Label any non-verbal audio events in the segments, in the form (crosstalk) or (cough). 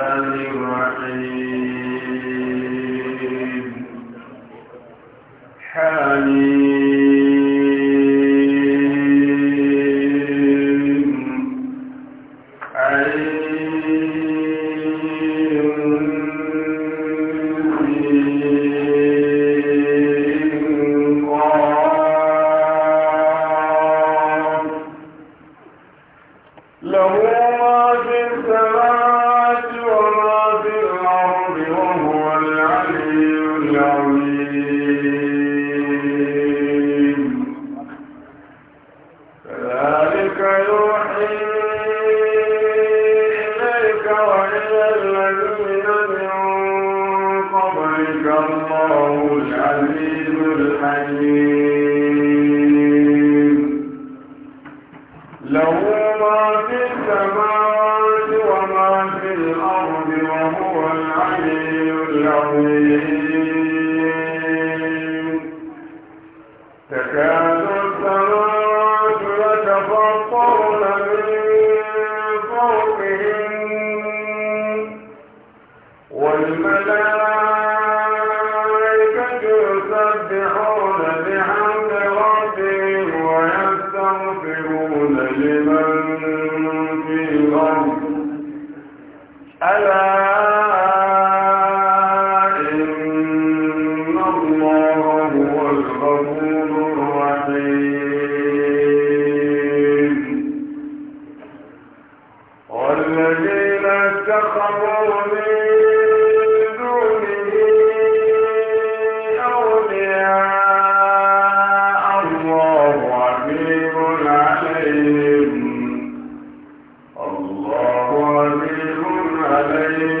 الرحيم عليه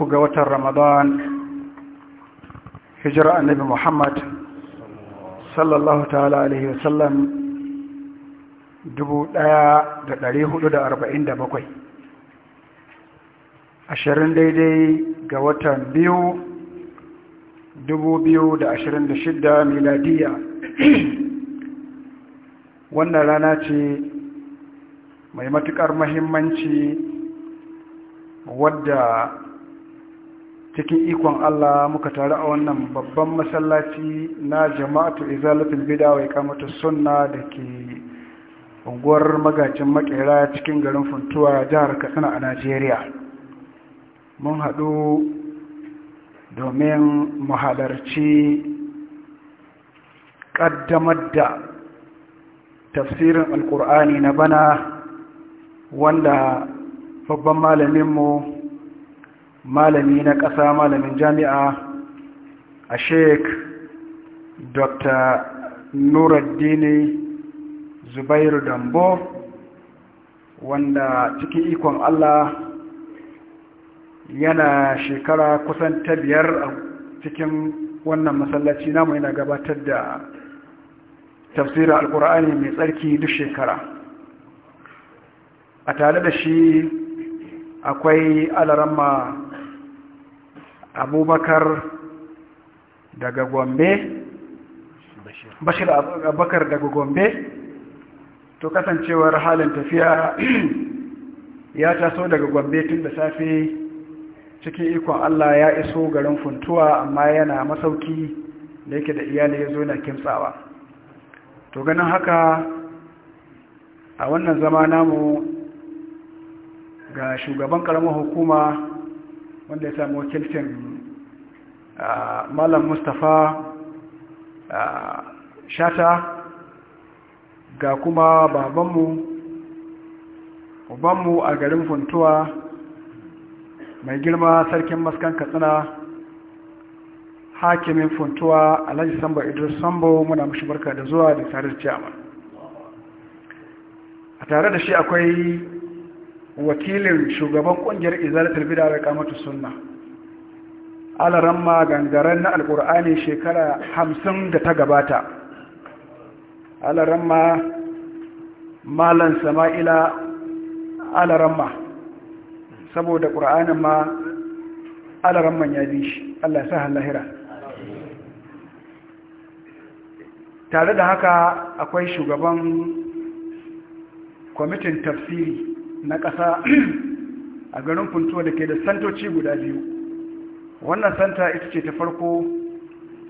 uku ga watan ramadan hijira annabi muhammad sallallahu ta'ala alaihi wasallam 1447 ashirin daidai ga watan biyu 2026 miladiya (clears throat) wannan rana ce mai matuƙar mahimmanci wadda cikin ikon Allah muka taru a wannan babban masallaci na jama'atu izalatul bid'a wa iqamatus sunna ke unguwar magajin makera cikin garin Funtuwa jihar Katsina a Najeriya mun haɗu domin mu halarci ƙaddamar da tafsirin alkur'ani na bana wanda babban malaminmu malami na ƙasa malamin jami'a a sheik dr nuraddini zubairu dambo wanda cikin ikon allah yana shekara kusan ta biyar a cikin wannan masallaci namu yana gabatar da tafsirin alkur'ani mai tsarki duk shekara a tare da shi akwai alarama abubakar daga gombe bashir abubakar daga gombe to kasancewar halin tafiya (clears throat) ya taso daga gombe tun da safe cikin ikon allah ya iso garin funtuwa amma yana masauki da yake da iyali ya zo na kimtsawa to ganin haka a wannan zama namu ga shugaban karamar hukuma wanda ya samu wakilcin malam mustapha shata ga kuma babanmu ubanmu a garin funtuwa mai girma sarkin maskan katsina hakimin funtuwa alhaji sambo idris sambo muna mashi barka da zuwa da tsarin ciyaman a tare da shi akwai wakilin shugaban kungiyar izalatul bid'a da kamatu sunna alaran magangaren na alkur'ani shekara hamsin da ta gabata alaran ma malan sama'ila alaran ma saboda ƙur'anin ma alaran man ya bi shi allah sa halahira tare da haka akwai shugaban kwamitin tafsiri na ƙasa (clears throat) a garin funtuwa da ke da santoci guda biyu wannan santa ita ce ta farko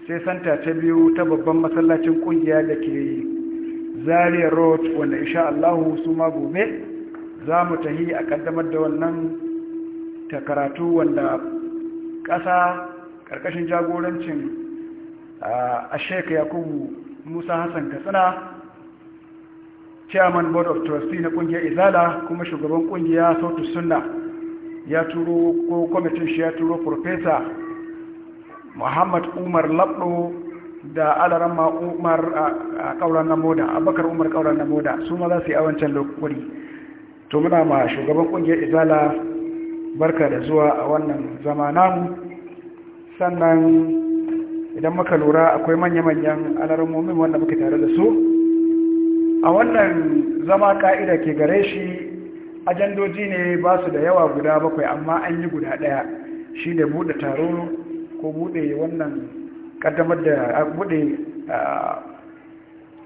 sai santa ta biyu ta babban masallacin ƙungiya da ke zaria road wanda isha Allahu su ma gobe za mu tahi a ƙaddamar da wannan ta karatu wanda ƙasa ƙarƙashin jagorancin a sheka yakubu musa hassan katsina chairman board of trustee na kungiyar izala kuma shugaban kungiya sautu sunna ya turo ko kwamitin shi ya turo profesa muhammad umar labdo da alaran umar a kauran na moda abakar umar kauran na moda su ma za su yi a wancan lokuri to muna ma shugaban kungiyar izala barka da zuwa a wannan zamanan, sannan idan muka lura akwai manya-manyan alarmomin wanda muka tare da su a wannan zama ka'ida ke gare shi ajandoji ne ba su da yawa guda bakwai amma an yi guda ɗaya shi ne buɗe taro ko buɗe wannan ƙaddamar da buɗe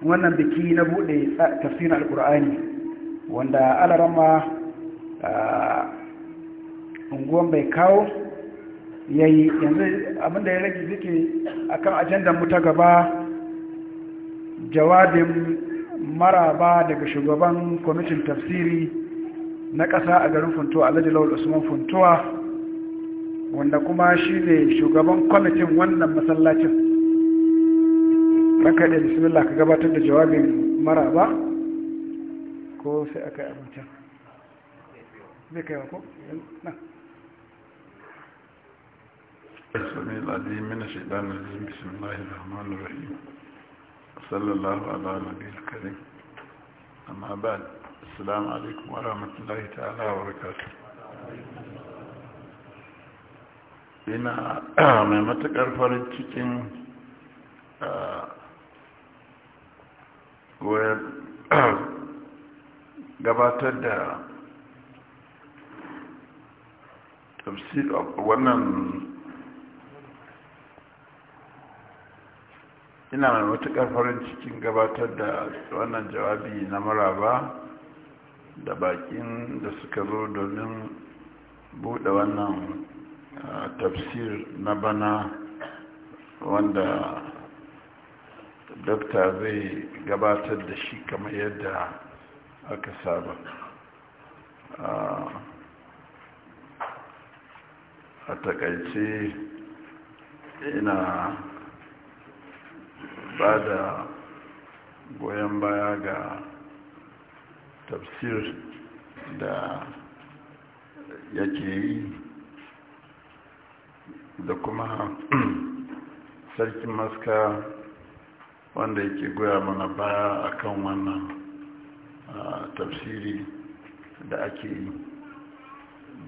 wannan biki na buɗe tafsirin alkur'ani wanda alarama unguwan bai kawo ya yi yanzu abinda ya rage zike akan ajandar mu ta gaba jawabin maraba daga shugaban kwamitin tafsiri na ƙasa a garin funtuwa a lawal usman funtuwa wanda kuma shi ne shugaban kwamitin wannan masallacin ranka da bismillah ka gabatar da jawabin maraba ko sai aka yi abincin zai kai wa بسم الله الرحمن الرحيم sallallahu wa alkari amma ba assalamu alaikum wa rahmatullahi ta'ala wa rikata ina (clears throat) mai matakar farin cikin (clears throat) gabatar da tafsir wannan ina mai matuƙar farin cikin gabatar da wannan jawabi na maraba da bakin da suka zo domin buɗe wannan tafsir na bana wanda dokta zai gabatar da shi kamar yadda aka saba a takaice ina ba da goyon baya ga tafsir da yake yi da kuma (clears throat) sarkin maska wanda yake goya mana baya akan wannan tafsiri da ake yi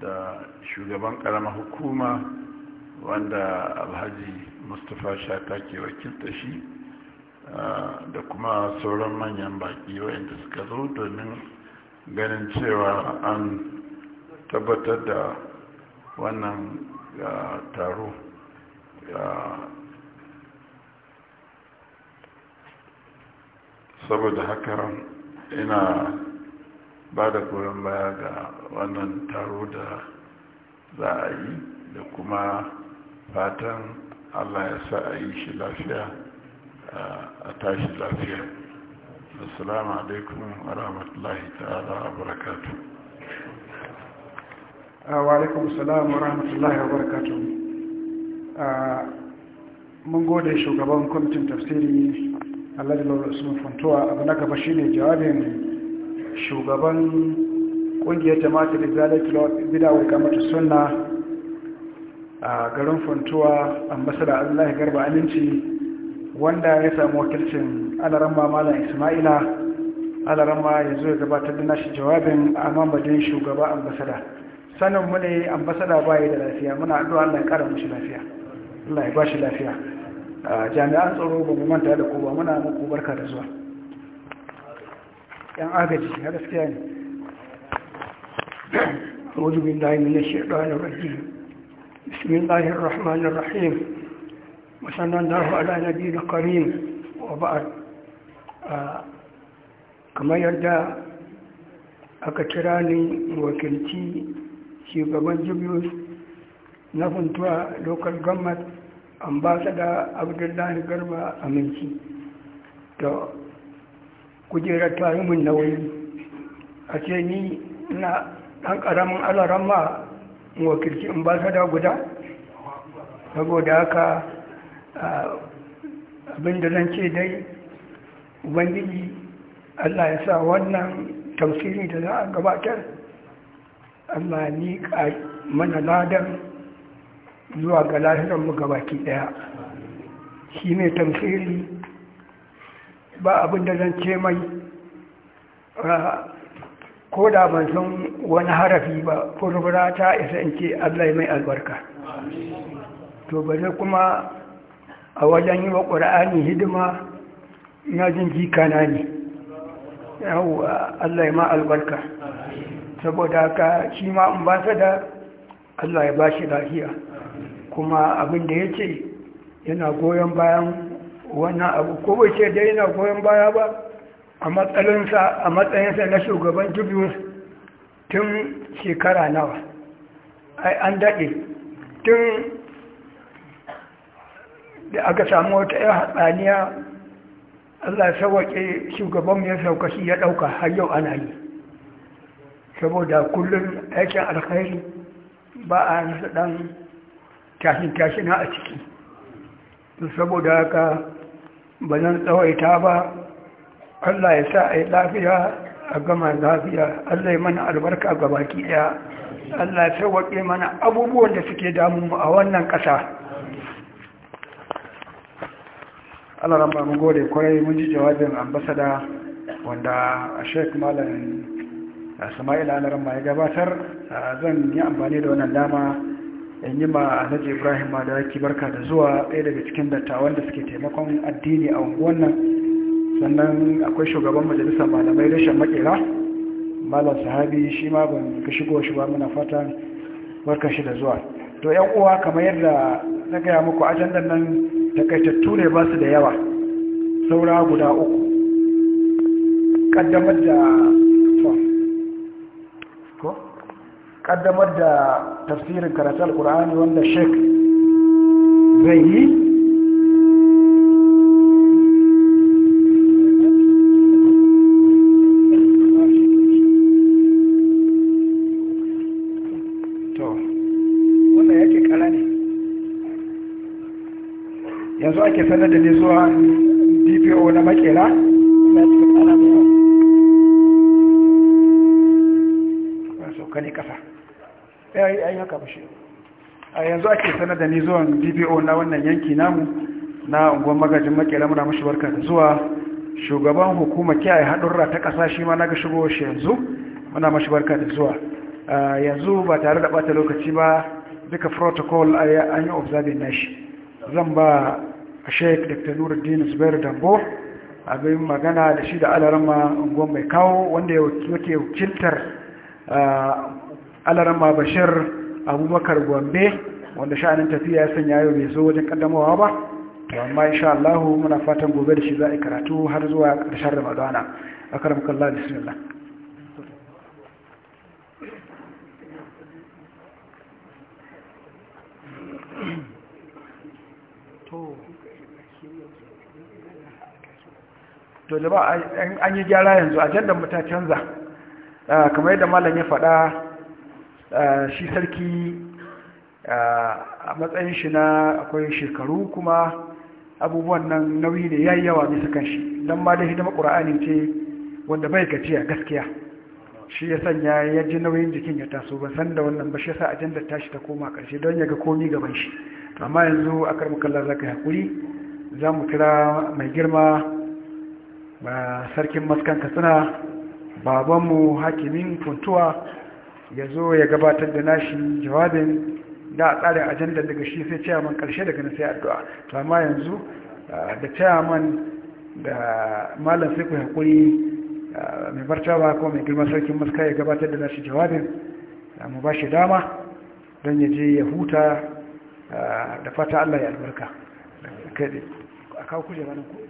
da shugaban karama hukuma wanda alhaji mustapha shata ke wakilta shi Ah, da kuma sauran manyan baki wayanda suka zo domin ganin cewa an tabbatar da wannan ah, taro ah, saboda haka ina ba da goron baya ga wannan taro da za a yi da kuma fatan allah ya sa a yi shi lafiya a tashi lafiya assalamu alaikum wa rahmatullahi ta'ala wa barakatu wa alaikum assalamu wa rahmatullahi wa barakatu mun gode shugaban kwamitin tafsiri alhaji laurasun funtuwa abu na gaba shine jawabin shugaban kungiyar jama'atar izalatul bidawai kamata sunna a garin funtuwa ambasada allahi garba aminci wanda ya samu wakilcin alarama malam ismaila alarama ya zo ya gabatar da nashi jawabin a mambadin shugaba ambasada sanin mu ne ambasada ba da lafiya muna addu'a Allah ya kara mushi lafiya Allah ya bashi lafiya jami'an tsaro ba mu manta da ku ba muna muku barka da zuwa yan agaji har gaskiya ne أعوذ بالله من الشيطان الرجيم بسم الله الرحمن الرحيم وصلى na على نبينا الكريم وبعد kamar yadda aka kira ni wakilci shugaban jibius na funtuwa local government ambasada abdullahi garba aminci da kujerar tarihin nauyi a ce ni na ɗan ƙaramin alaramma wakilci ambasada guda saboda haka abinda zan ce dai ubangiji allah ya sa wannan tausiri da za a gabatar allah ni ka mana ladan zuwa ga lahiranmu gabaki daya shi ne tausiri ba abinda zan ce mai ko da ban san wani harafi ba ko rubura ta isa in ce allah mai albarka to ba kuma a wajen yi wa ƙura'ani hidima na jin jikana ne Allah ya ma albarka saboda haka shi ma in ba da Allah ya ba shi lafiya kuma abin da ya ce yana goyon bayan wannan abu ko bai ce da yana goyon baya ba a matsayinsa na shugaban dubius tun shekara nawa ai an daɗe tun da aka samu wata yan hatsaniya allah sauwaƙe shugaban ya sauka shi ya ɗauka har yau ana yi saboda kullum aikin alkhairi ba a nasa ɗan tashin-tashina a ciki saboda haka ba zan tsawaita ba allah ya sa a yi lafiya a gama lafiya allah ya mana albarka ga baki ɗaya allah ya sauwaƙe mana abubuwan da suke damu a wannan ƙasa Allah ramba mu gode kwarai mun ji jawabin ambasada wanda a sheik malam sama'ila Allah ramba ya gabatar zan yi amfani da wannan dama in yi ma alhaji ibrahim ma da yake barka da zuwa ɗaya daga cikin dattawan da suke taimakon addini a unguwan nan sannan akwai shugaban majalisar malamai rashin makera malam sahabi shi ma ban ka shigo shi ba muna fatan barka shi da zuwa to yan uwa kamar yadda na gaya muku ajandan nan takaitattu ne ba su da yawa saura guda uku kaddamar da ko kaddamar da tafsirin karatun alkur'ani wanda sheik zai yi yanzu ake sanar da ne zuwa dpo na makera na ne kasa ya yi haka bashi a yanzu ake sanar da ne zuwa dpo na wannan yanki namu na unguwan magajin makera muna mashi barka da zuwa shugaban hukuma kiyaye haɗurra ta ƙasa shi ma na ga shigo shi yanzu muna mashi barka da zuwa yanzu ba tare da ɓata lokaci ba duka protocol an yi observing nashi zan ba a sheik dr nuruddin zubair dambo abin magana da shi da alarama unguwan mai kawo wanda yake wakiltar ah, alarama bashir abubakar gombe wanda sha'anin tafiya ya sanya yau bai zo wajen kaddamawa ba amma insha Allah muna fatan gobe da shi za a karatu har zuwa ƙarshen ramadana akaramakallah bismillah Mm-hmm. to ba an yi gyara yanzu A mu ta canza ah, kamar yadda malam ya faɗa ah, shi sarki ah, a matsayin shi na akwai shekaru kuma abubuwan nan nauyi ne ya yi yawa bisa kan shi don ma da hidima ƙura'ani ce wanda bai gajiya gaskiya shi ya sanya ya ji nauyin jikin ya taso ban san da wannan ba shi yasa ajandar tashi ta koma ƙarshe don ya ga komi gaban shi amma yanzu a karmakalla za ka yi haƙuri za mu kira mai girma ba sarkin maskan katsina babanmu hakimin funtuwa ya zo ya gabatar da nashi jawabin da a tsarin ajandar daga shi sai ciyaman karshe daga nasai addu'a to amma yanzu da ciyaman da malam sai ku haƙuri mai martaba ko mai girma sarkin maska ya gabatar da nashi jawabin mu ba shi dama don ya je ya huta da fata Allah ya albarka a kawo kuje ranar ku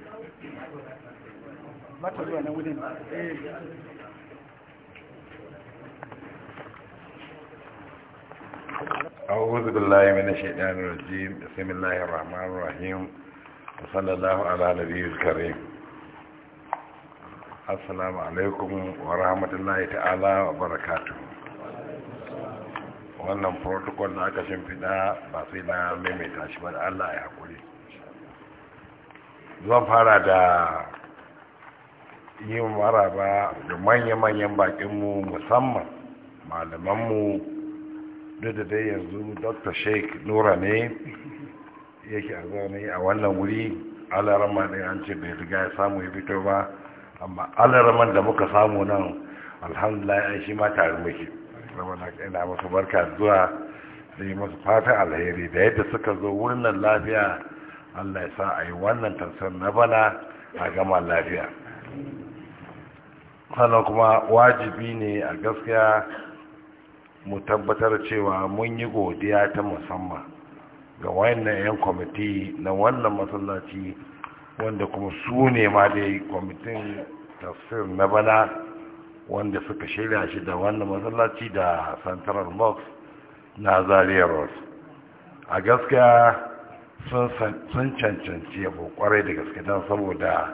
mata zuwa na wurin أعوذ بالله من الشيطان الرجيم بسم الله الرحمن الرحيم وصلى الله على نبيه الكريم السلام عليكم ورحمة الله تعالى وبركاته وانا بروتوكول ناكا شمفنا shimfiɗa ميمي sai الله maimaita shi ba Allah yi maraba da manya-manyan bakinmu musamman malamanmu duk da dai yanzu dr sheik nura ne yake a zaune a wannan wuri alarama ne an ce bai riga ya samu ya fito ba amma alaraman da muka samu nan alhamdulillah ya shi mata ma zama na kaina masu barka zuwa da yi masu fata alheri da yadda suka zo wurin lafiya allah ya sa a yi wannan tansar na bana a gama lafiya sannan kuma wajibi ne a gaskiya mu tabbatar cewa mun yi godiya ta musamman ga wayannan 'yan kwamiti na wannan masallaci wanda kuma su ne ma dai kwamitin tafsir na bana wanda suka shirya shi da wannan masallaci da central box na zaria rose a gaskiya sun cancanci abu kwarai da gaske don saboda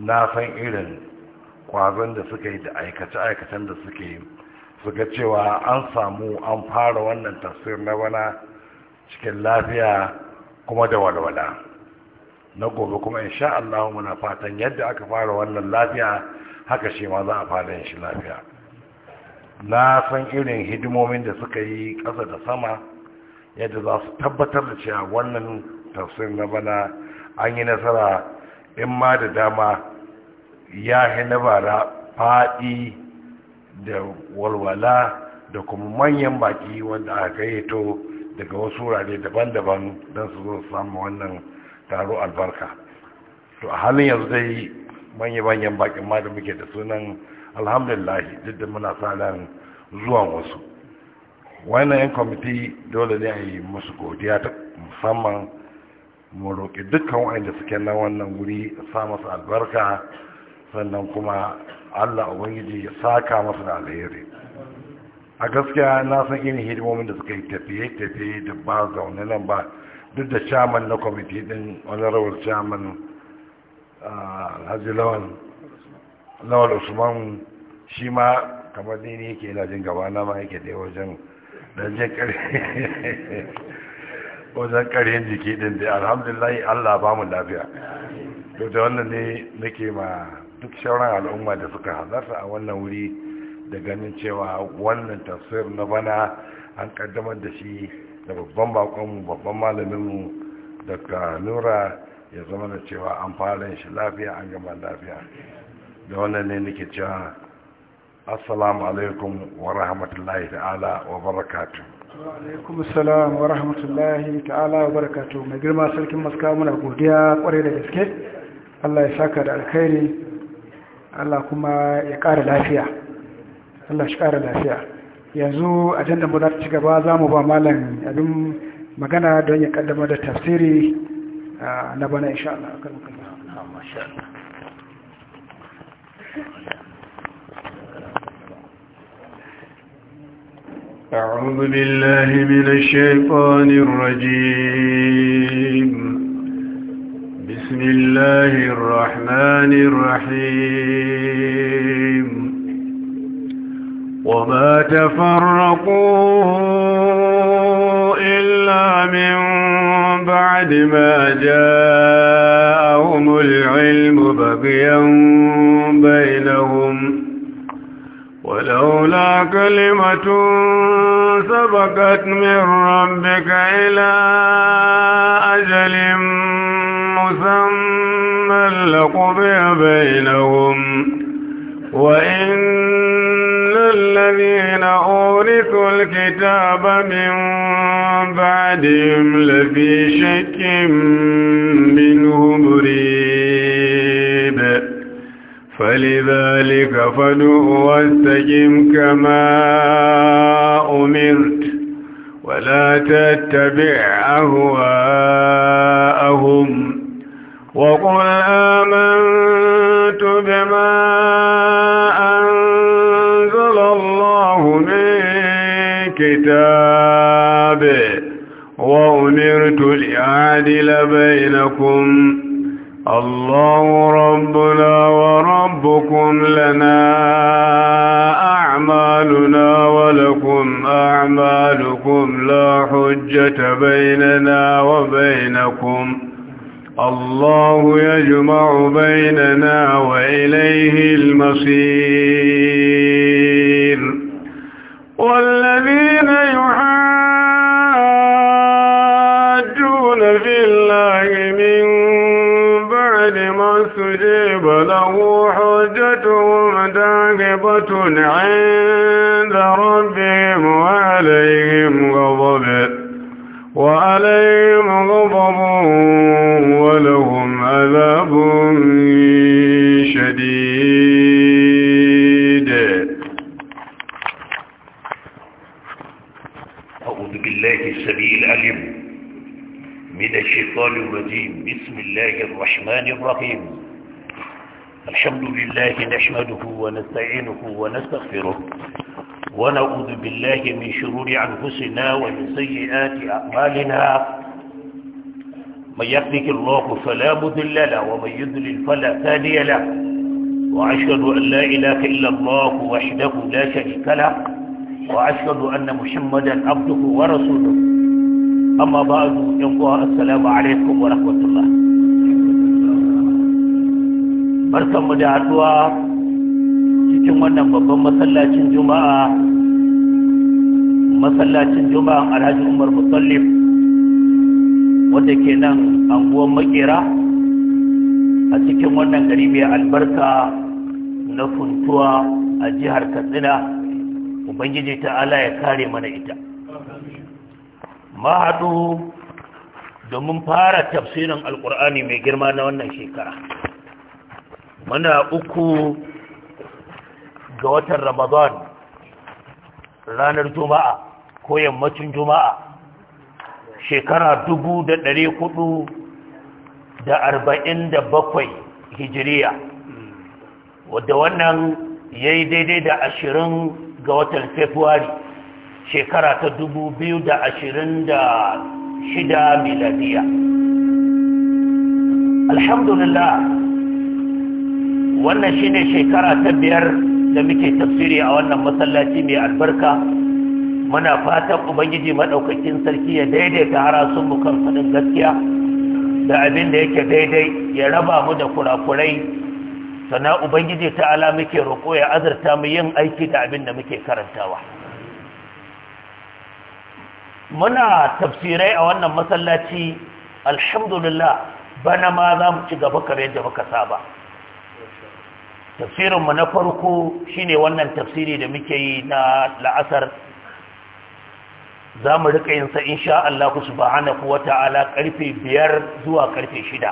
na san irin kwazon da suka yi da aikace-aikacen da suka yi suka cewa an samu an fara wannan tafsir na bana cikin lafiya kuma da walwala na gobe kuma in sha Allah muna fatan yadda aka fara wannan lafiya haka shi ma za a fara yin shi lafiya na san irin hidimomin da suka yi ƙasa da sama yadda za su tabbatar da cewa wannan tafsir na bana an yi nasara in ma da dama ya yi na bara faɗi da walwala da kuma manyan baki wanda aka gayyato daga wasu wurare daban-daban don su zo samu wannan taro albarka to a halin yanzu dai manya-manyan bakin ma da muke da sunan alhamdulillah duk da muna ran zuwan wasu wannan yan kwamiti dole ne a yi musu godiya ta musamman mu roƙi dukkan wa'anda suke na wannan wuri sa masu albarka sannan kuma allah ubangiji ya saka masa da alheri a gaskiya na san irin hidimomin da suka yi tafiye-tafiye da ba zaune nan ba duk da shaman na kwamiti din honorable shaman ah, alhaji lawal usman shi ma kamar ne ne yake lajin gaba na ma yake dai wajen dajin (laughs) wajen jiki din da alhamdulillah allah ba mu lafiya to da wannan ne nake ma duk shawarar al'umma da suka halarta a wannan wuri da ganin cewa wannan tafsir na bana an kaddamar da shi da babban bakonmu babban malaminmu daga nura ya zama da cewa an fara shi lafiya an gama lafiya da wannan ne nake cewa assalamu alaikum wa rahmatullahi ta'ala wa barakatu alaikum assalam wa rahmatullahi ta'ala wa barakatu mai girma sarkin maska muna godiya kwarai da gaske Allah ya saka da alkhairi Allah kuma ya ƙara lafiya Allah shi ƙara lafiya yanzu a mu za ta ci gaba za mu ba malam abin magana don ya ƙaddamar da tafsiri na bana insha Allah akan أعوذ بالله من الشيطان الرجيم بسم الله الرحمن الرحيم وما تفرقوا إلا من بعد ما جاءهم العلم بقيا بينهم ولولا كلمة سبقت من ربك إلى أجل ثم لقضي بينهم وإن الذين أورثوا الكتاب من بعدهم لفي شك منه مريب فلذلك فدوا واستجم كما أمرت ولا تتبع أهواءهم وقل آمنت بما أنزل الله من كتابه وأمرت لأعدل بينكم الله ربنا وربكم لنا أعمالنا ولكم أعمالكم لا حجة بيننا وبينكم الله يجمع بيننا وإليه المصير والذين يحاجون في الله من بعد ما استجيب له حجتهم داكبة عند ربهم وعليهم غضب وعليهم غضب ولهم عذاب شديد أعوذ بالله السميع العليم من الشيطان الرجيم بسم الله الرحمن الرحيم الحمد لله نحمده ونستعينه ونستغفره ونعوذ بالله من شرور أنفسنا ومن سيئات أعمالنا من يهدك الله فلا مضل له ومن يضلل فلا هادي له وأشهد أن لا إله إلا الله وحده لا شريك له وأشهد أن محمدا عبده ورسوله أما بعد يقول السلام عليكم ورحمة الله barkanmu da haɗuwa cikin wannan babban masallacin juma'a masallacin juma'an alhaji umar musallif wanda ke nan anguwan makera a cikin wannan gari mai albarka na funtuwa a jihar katsina ubangiji ta ta'ala ya kare mana ita mahadu domin fara tafsirin Alƙur'ani mai girma na wannan shekara muna uku ga watan ramadan ranar juma'a ko yammacin juma'a shekara dubu da ɗari hudu da arba'in da bakwai hijiriya wadda wannan ya yi daidai da ashirin ga watan februari shekara ta dubu biyu da ashirin da shida miladiya alhamdulillah wannan shine shekara ta biyar da muke tafsiri a wannan masallaci mai albarka muna fatan ubangiji maɗaukakin sarki ya daidaita harasun mu kan faɗin gaskiya da abin da yake daidai ya raba mu da kurakurai sana ubangiji ta ala muke roƙo ya azurta mu yin aiki da abin da muke karantawa muna tafsirai a wannan masallaci alhamdulillah bana ma za mu ci gaba kamar da muka saba tafsirinmu na farko shine wannan tafsiri da muke yi na la'asar za mu rika yin sa sha Allah subhanahu ta'ala karfe biyar zuwa karfe shida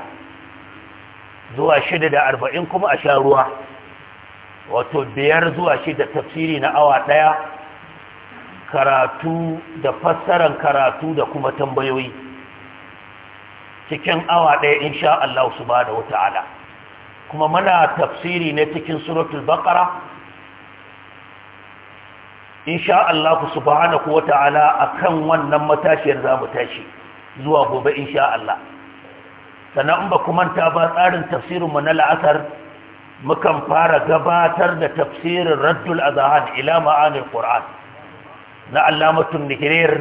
zuwa shida da arba'in kuma a sha ruwa wato biyar zuwa shida tafsiri na awa ɗaya karatu da fassaran karatu da kuma tambayoyi cikin awa ɗaya sha Allah subhanahu ta'ala kuma muna tafsiri ne cikin suratul baqara insha Allah subhanahu wata'ala akan wannan matashiyar zamu tashi zuwa gobe insha Allah sannan in ba manta ba tsarin tafsirin mu na la'asar mukan fara gabatar da tafsirin Raddul Azhan ila ma'anil Qur'an na Allamatul Nihrir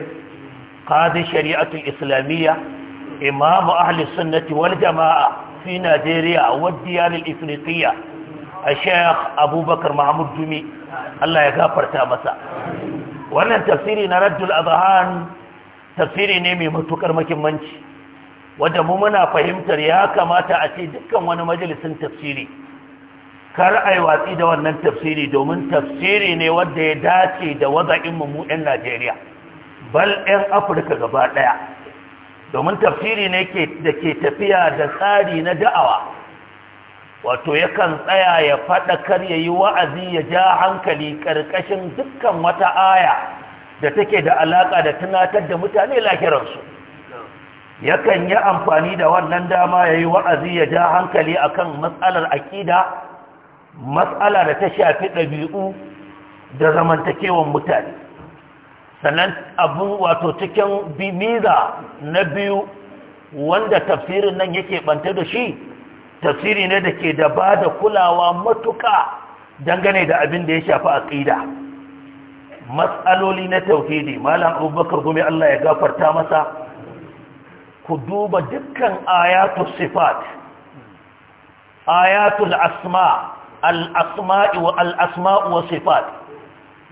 qadi shari'atul islamiyya imam ahli sunnati wal jama'a fi Najeriya wa diyar al-Ifriqiyya a sheikh abubakar mahmud jumi Allah ya gafarta masa wannan tafsiri na raddul azhan tafsiri ne mai matukar muhimmanci wanda mu muna fahimtar ya kamata a ce dukkan wani majalisin tafsiri kar ai watsi da wannan tafsiri domin tafsiri ne wanda ya dace da waza'in mu 'yan Najeriya bal 'yan Afirka gaba ɗaya. domin tafsiri ne da ke tafiya da tsari na da'awa wato yakan tsaya ya faɗakar ya yi wa'azi ya ja hankali ƙarƙashin dukkan wata aya da take da alaƙa da tunatar da mutane lahirarsu yakan yi amfani da wannan dama ya yi wa'azi ya ja hankali akan matsalar aƙida matsala da ta shafi ɗabi'u da zamantakewan mutane sannan abin wato cikin bimiza na biyu wanda tafsirin nan yake ɓanta da shi tafsiri ne da ke da ba da kulawa matuka dangane da abin da ya shafi a ƙida. matsaloli na tauhidi malam abubakar gumi Allah ya gafarta masa ku duba dukkan ayatul sifat ayatul asma al-asma'i wa al-asma'u wa sifat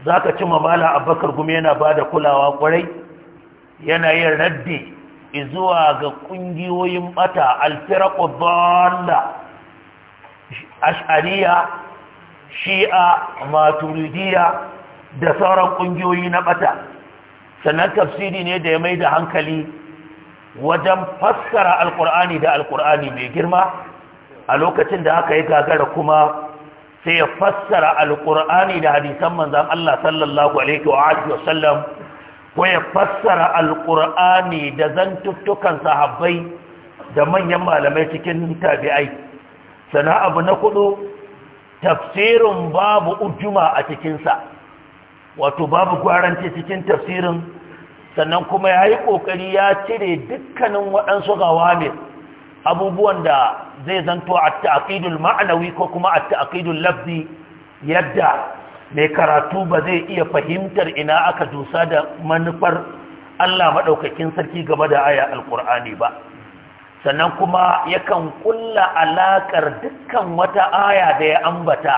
zaka cimma malam abubakar gumi yana ba da kulawa kwarai yana yin raddi zuwa ga kungiyoyin bata alfiraqu dhalla ash'ariya shi'a maturidiya da sauran kungiyoyi na bata sannan tafsiri ne da ya mai da hankali wajen fassara alkur'ani da alkur'ani mai girma a lokacin da aka yi gagara kuma sai ya fassara alkur'ani da hadisan manzan Allah sallallahu alaihi wa sallam ko ya fassara alƙur'ani da zantuttukan sahabbai da manyan malamai cikin tabi'ai sana abu na kudu tafsirin babu ujuma a cikinsa wato babu gwaranci cikin tafsirin sannan kuma ya yi ƙoƙari ya cire dukkanin waɗansu gawamir abubuwan da zai zanto a ta'aƙidul ma'anawi ko kuma a ta'aƙidul labdi yadda mai karatu ba zai iya fahimtar ina aka dusa da manufar Allah maɗaukakin sarki game da aya alƙur'ani ba sannan kuma yakan ƙulla alaƙar dukkan wata aya da ya ambata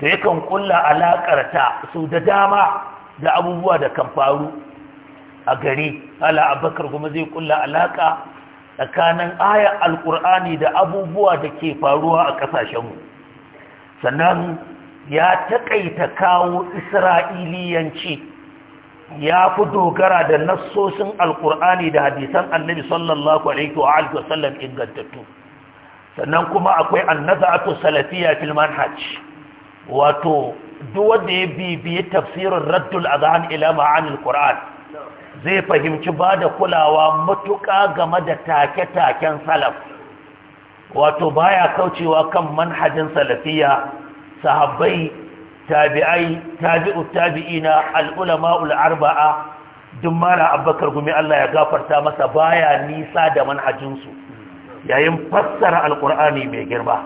to yakan kulla alaƙar ta su da dama da abubuwa da kan faru a gari ala abakar kuma zai kulla alaƙa tsakanin aya alƙur'ani da abubuwa da ke faruwa a ƙasashenmu sannan ya taƙaita kawo isra'iliyanci ya fi dogara da nassosin Alƙur'ani da hadisan annabi sallallahu alaihi wa alihi wasallam ingantattu sannan kuma akwai annaza'atu salafiyya fil manhaj wato duk wanda ya bibiye tafsirin raddul azhan ila ma'anil qur'an zai fahimci ba da kulawa matuƙa game da take-taken salaf wato baya kaucewa kan manhajin salafiyya sahabbai tabi'ai tabi'u tabi'ina al'ulama arba'a, duk mara abbakar gumi Allah ya gafarta masa baya nisa da manhajinsu yayin fassara alkur'ani mai girma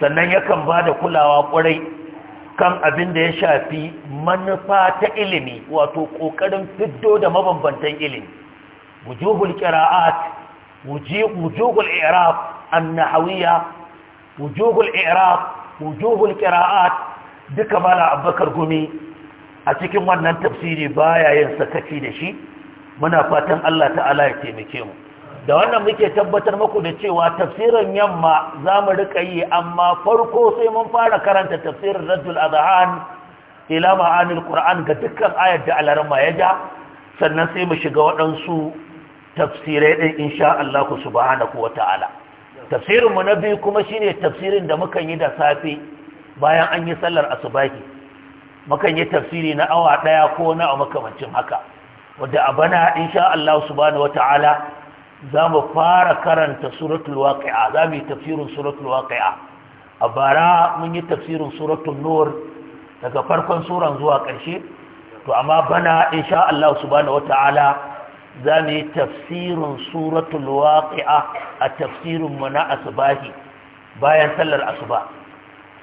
sannan yakan ba da kulawa kwarai kan abin da ya shafi manufa ta ilimi wato ƙoƙarin fiddo da mabambantan ilimi wujuhul qira'at wujuhul i'rab an-nahawiyya wujuhul i'rab wujuhul qira'at duka mala abubakar gumi a cikin wannan tafsiri baya yin sakaci da shi muna fatan Allah ta'ala ya taimake mu da wannan muke tabbatar muku da cewa tafsirin yamma za mu rika yi amma farko sai mun fara karanta tafsirin raddul azhan ila ma'anil qur'an ga dukkan ayar da alarma ya ja sannan sai mu shiga waɗansu tafsirai din insha Allah subhanahu wa ta'ala tafsirinmu na biyu kuma shi ne tafsirin da mukan yi da safe bayan an yi sallar asubahi mukan yi tafsiri na awa ɗaya ko na a makamancin haka wadda a bana insha Allah subhanahu ta'ala za mu fara karanta suratul waqi'a za mu yi tafsirin suratul waqi'a a bara mun yi tafsirin suratul nur daga farkon suran zuwa ƙarshe to amma bana insha Allah subhanahu ta'ala za mu yi tafsirin suratul waƙi'a a tafsirin mu na asubahi bayan sallar asuba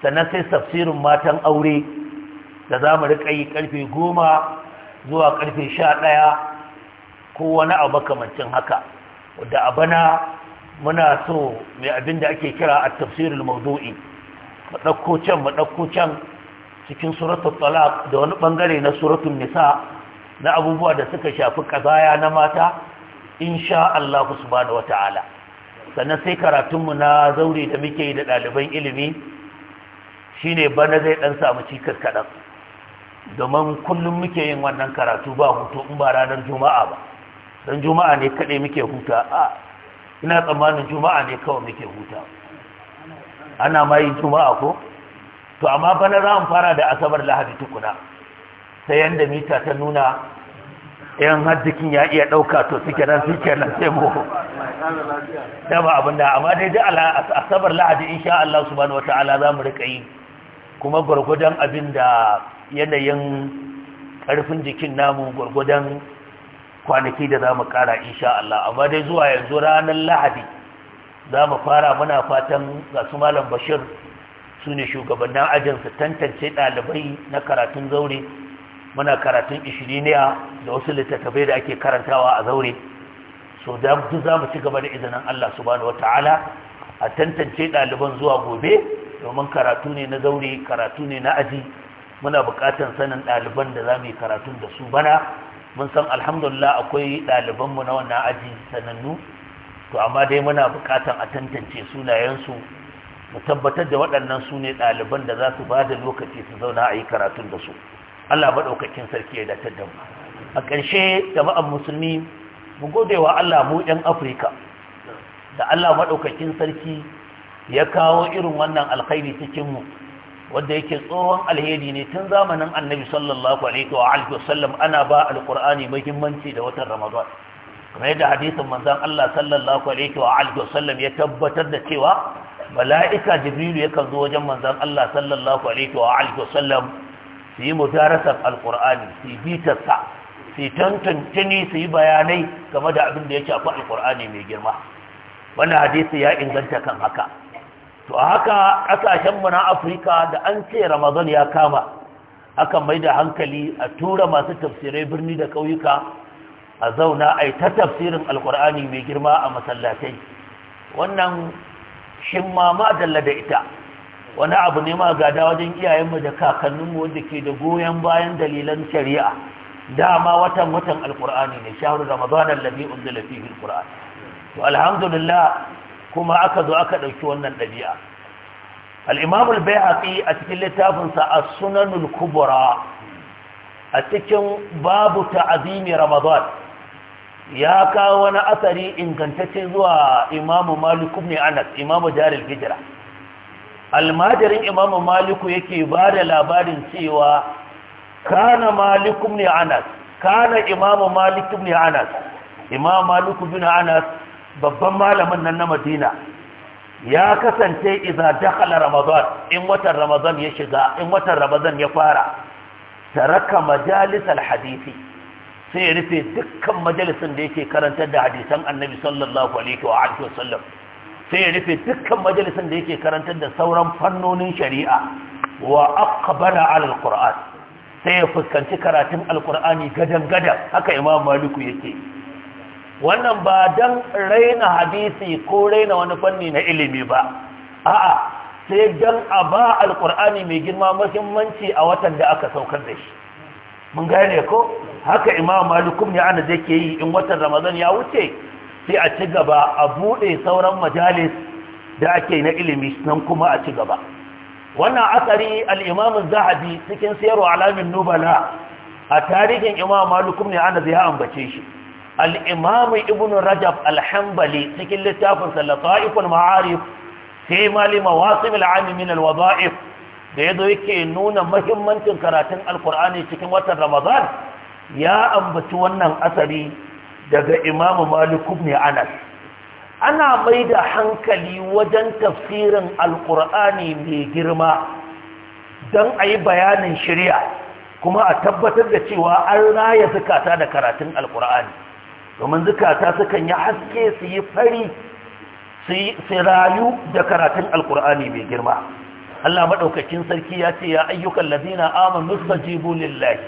sannan sai tafsirin matan aure da za mu rika yi ƙarfe goma zuwa ƙarfe sha ɗaya ko wani abu makamancin haka da bana muna so mai abin da ake kira a tafsirin maudu'i mu ɗauko can can cikin suratul talaq da wani ɓangare na suratul nisa na abubuwa da suka shafi kazaya na mata insha Allah subhanahu wata'ala sannan sai karatunmu na zaure da muke yi da ɗaliban ilimi shine bana zai dan samu cikas kaɗan domin kullum muke yin wannan karatu ba hutu in ba ranar juma'a ba don juma'a ne kaɗai muke huta a ina tsammanin juma'a ne kawai muke huta ana ma juma'a ko to amma bana za mu fara da asabar lahadi tukuna Ta yanda mita ta nuna yan hajjikin ya iya ɗauka to suke nan suke nan sai mu da ba abin da amma dai da asabar lahadi insha Allah subhanahu ta'ala za mu rika yi kuma gwargwadon abin da yanayin ƙarfin jikin namu gwargwadon kwanaki da za mu ƙara insha Allah amma dai zuwa yanzu ranar lahadi za mu fara muna fatan ga su malam bashir su ne shugabannin ajinsu tantance ɗalibai na karatun zaure muna karatun ishiriniya da wasu littattafai da ake karantawa a zaure so da duk za mu ci gaba da izinin Allah subhanahu wataala a tantance ɗaliban zuwa gobe domin karatu ne na zaure karatu ne na aji muna buƙatar sanin ɗaliban da za mu yi karatun da su bana mun san alhamdulillah akwai ɗalibanmu na wannan aji sanannu to amma dai muna buƙatar a tantance sunayensu mu tabbatar da waɗannan su ne ɗaliban da za su ba da lokaci su zauna a yi karatun da su Allah maɗaukakin sarki ya datar da mu a ƙarshe jama'an musulmi mu gode wa Allah mu ɗan Afirka da Allah maɗaukakin sarki ya kawo irin wannan alkhairi cikinmu. Wadda yake tsohon alheri ne tun zamanin annabi sallallahu alaihi wa alihi wasallam ana ba alqur'ani muhimmanci da watan ramadan kamar yadda hadisin manzon Allah sallallahu alaihi wa alihi wasallam ya tabbatar da cewa mala'ika jibrilu yakan zo wajen manzon Allah sallallahu alaihi wa alihi wasallam su yi mudarasar alkur'ani su yi bitarsa su yi tantantini su yi bayanai game da abin da ya shafi alkur'ani mai girma wannan hadisi ya inganta kan haka to a haka ƙasashenmu na afirka da an ce ramadan ya kama akan mai da hankali a tura masu tafsirai birni da ƙauyuka a zauna a yi ta tafsirin alkur'ani mai girma a masallatai wannan shin ma dalla da ita wani abu ne ma gada wajen iyayenmu da kakanninmu wanda ke da goyon bayan dalilan shari'a dama watan watan alkur'ani ne shahru ramadan allazi unzila fihi alqur'an to alhamdulillah kuma aka zo aka ɗauki wannan ɗabi'a. al bai haƙi a cikin littafinsa a sunanul kubra a cikin babu ta'azimi ramadan ya kawo wani asari ingantacce zuwa imamu malik ibn anas imamu jaril hijra almajirin imamu maliku yake ba da labarin cewa kana malikum ne anas kana imamu malikum ne anas imam maliku bin anas babban malamin nan na madina ya kasance iza dakhala ramadan in watan ramadan ya shiga in watan ramadan ya fara taraka majalis hadisi sai ya rufe dukkan majalisin da yake karantar da hadisan annabi sallallahu alaihi wa alihi sai ya rufe dukkan majalisar da yake karantar da sauran fannonin shari'a wa aqbala ala alquran sai ya fuskanci karatun alqurani gadan gadan haka imam maliku yake wannan ba dan raina hadisi ko raina wani fanni na ilimi ba a'a sai dan a ba alqurani mai girma muhimmanci a watan da aka saukar da shi mun gane ko haka imam maliku ne ana yake yi in watan ramadan ya wuce sai a ci gaba a buɗe sauran majalis da ake na ilimi nan kuma a ci gaba wannan asari al'imamun zahabi cikin sayarwa alamin nubala a tarihin imam malukum ne ana zai ambace shi al'imamun ibn rajab alhambali cikin littafin sallata'ifun ma'arif sai malima wasu mil'ami alwaza'if da ya zo yake nuna mahimmancin karatun alkur'ani cikin watan ramadan ya ambaci wannan asari daga imamu malik ne anas ana mai da hankali wajen tafsirin alkur'ani mai girma don a yi bayanin shirya kuma a tabbatar da cewa an raya zukata da karatun alkur'ani domin zukata sukan yi haske su yi fari su rayu da karatun alkur'ani mai girma Allah maɗaukakin sarki ya ce ya ayyukan lazina amon nusa jibu lillahi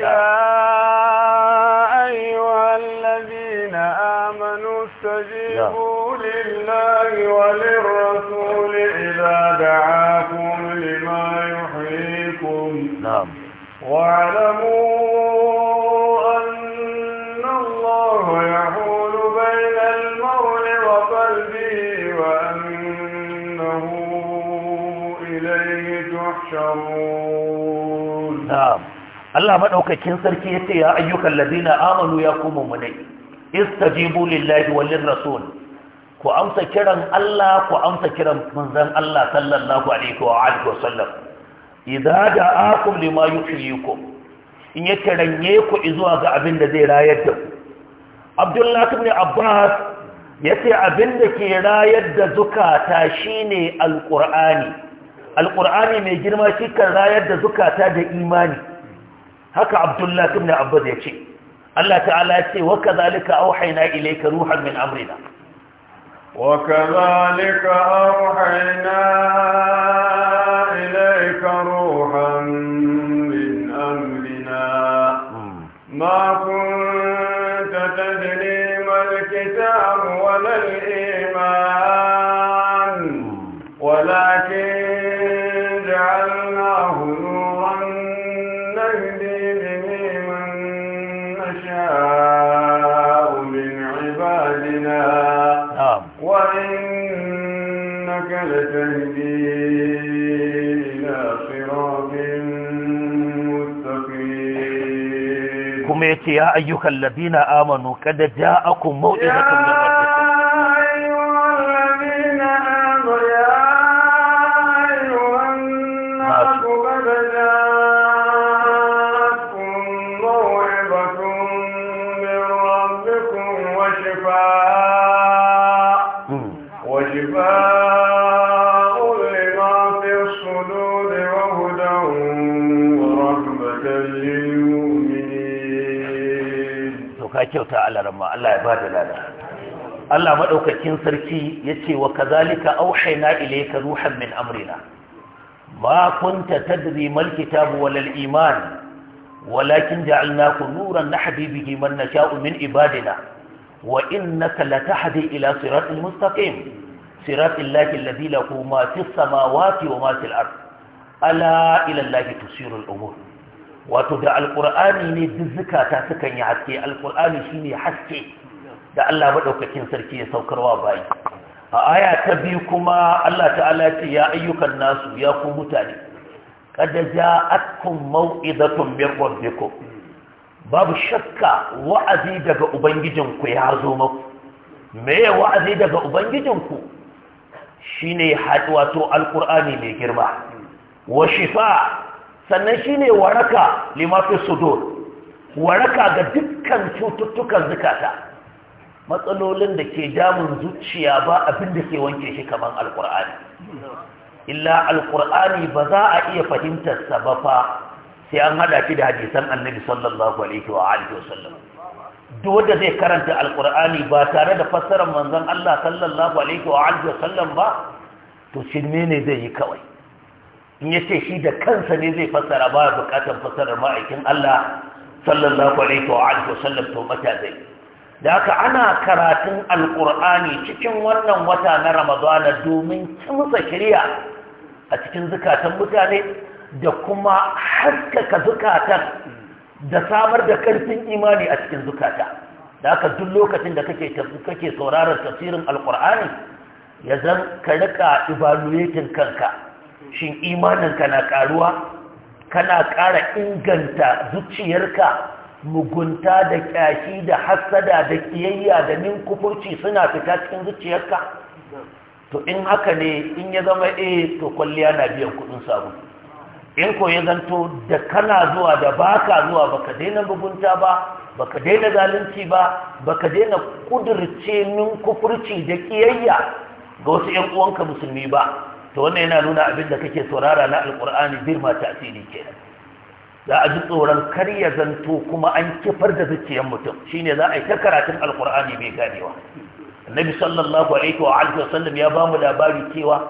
يا أيها الذين آمنوا استجيبوا نعم. لله وللرسول إذا دعاكم لما يحييكم نعم واعلموا أن الله يحول بين المرء وقلبه وأنه إليه تحشرون نعم Allah maɗaukakin sarki ya ce ya ayyukan ladina amanu ya kuma munai istajibu lillahi walin rasul ku amsa kiran Allah ku amsa kiran manzon Allah sallallahu alaihi wa alihi wa sallam idza da'akum lima yuhyikum in ya taranye ku zuwa ga abin da zai rayar da ku abdullahi ibn abbas yace abin da ke rayar da zukata shine alqur'ani alqur'ani mai girma shi kan rayar da zukata da imani haka abdullahi ibn abbas yace, allah ta'ala ya ce waka zalika au haina ilaika ruhan min amrina waka zalika au haina ilaika ruhan min amrina hmm. ma ta tajini malkita wa lal'ina kuma yace ya ayyukan labina amanu kada ja'akum mawdi'atun min kyauta alarama Allah ya ba da lada Allah maɗaukakin sarki yace wa kazalika auhayna ilaika ruhan min amrina ma kunta tadri mal kitabu walal iman walakin ja'alnaka nuran na bihi man nasha'u min ibadina wa innaka latahdi ila siratil mustaqim siratil lahi alladhi lahu ma samawati wa ma fil ala ilallahi allahi tusirul umur wato da alkur'ani ne duk sukan yi haske alkur'ani shine haske da Allah maɗaukakin sarki ya saukarwa bayi a aya ta biyu kuma Allah ta'ala ce ya ayyukan nasu ya ku mutane ja akun mau'izatun min rabbikum babu shakka wa'azi daga ubangijinku ya zo maku me wa'azi daga ubangijinku shine wato alkur'ani mai girma wa shifa sannan shine waraka limafin fi sudur waraka ga dukkan cututtukan zukata matsalolin da ke damun zuciya ba abin da ke wanke shi kamar alkur'ani illa alkur'ani ba za a iya fahimtarsa ba fa sai an hada shi da hadisan annabi sallallahu alaihi wa alihi wasallam duk zai karanta alkur'ani ba tare da fassarar manzon Allah sallallahu alaihi wa alihi wasallam ba to shirme ne zai yi kawai in ya ce shi da kansa ne zai fassara ba ya bukatar fassarar ma'aikin Allah sallallahu alaihi wa alihi wasallam to mata zai da aka ana karatun alkur'ani cikin wannan wata na ramadana domin kimsa kiriya a cikin zukatan mutane da kuma haskaka zukatan da samar da karfin imani a cikin zukata da aka duk lokacin da kake kake sauraron tafsirin alkur'ani ya zan ka rika evaluating kanka shin imaninka na karuwa kana ƙara inganta zuciyarka mugunta da kyashi da hassada da kiyayya da ninkufurci suna fita cikin zuciyarka to in haka ne in ya zama eh to kwalliya na biyan kudin sabu in ko ya zanto da kana zuwa da baka zuwa baka daina mugunta ba baka daina zalunci ba baka daina kudirce ninkufurci da kiyayya ga wasu 'yan uwanka musulmi ba to wannan yana nuna abin da kake saurara na alkur'ani girma tasiri kenan za a ji tsoron kar ya zanto kuma an kifar da zuciyar mutum shine za a yi ta karatun alkur'ani bai ganewa annabi sallallahu alaihi wa alihi wasallam ya bamu labari cewa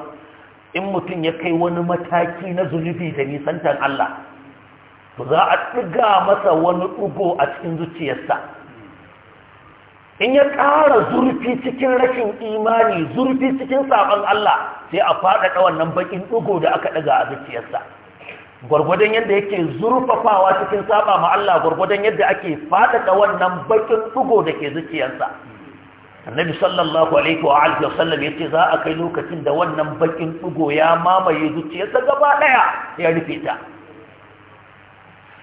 in mutum ya kai wani mataki na zunubi da nisantan Allah to za a ɗiga masa wani ɗugo a cikin zuciyarsa in ya ƙara zurfi cikin rashin imani zurfi cikin saɓan Allah sai a faɗaɗa wannan baƙin ɗigo da aka ɗaga a zuciyarsa gwargwadon yadda yake zurfafawa cikin saɓa ma Allah gwargwadon yadda ake faɗaɗa wannan baƙin ɗigo da ke zuciyarsa annabi sallallahu alaihi wa alihi sallam yace za a kai lokacin da wannan baƙin ɗigo ya mamaye zuciyarsa gaba ɗaya ya rufe ta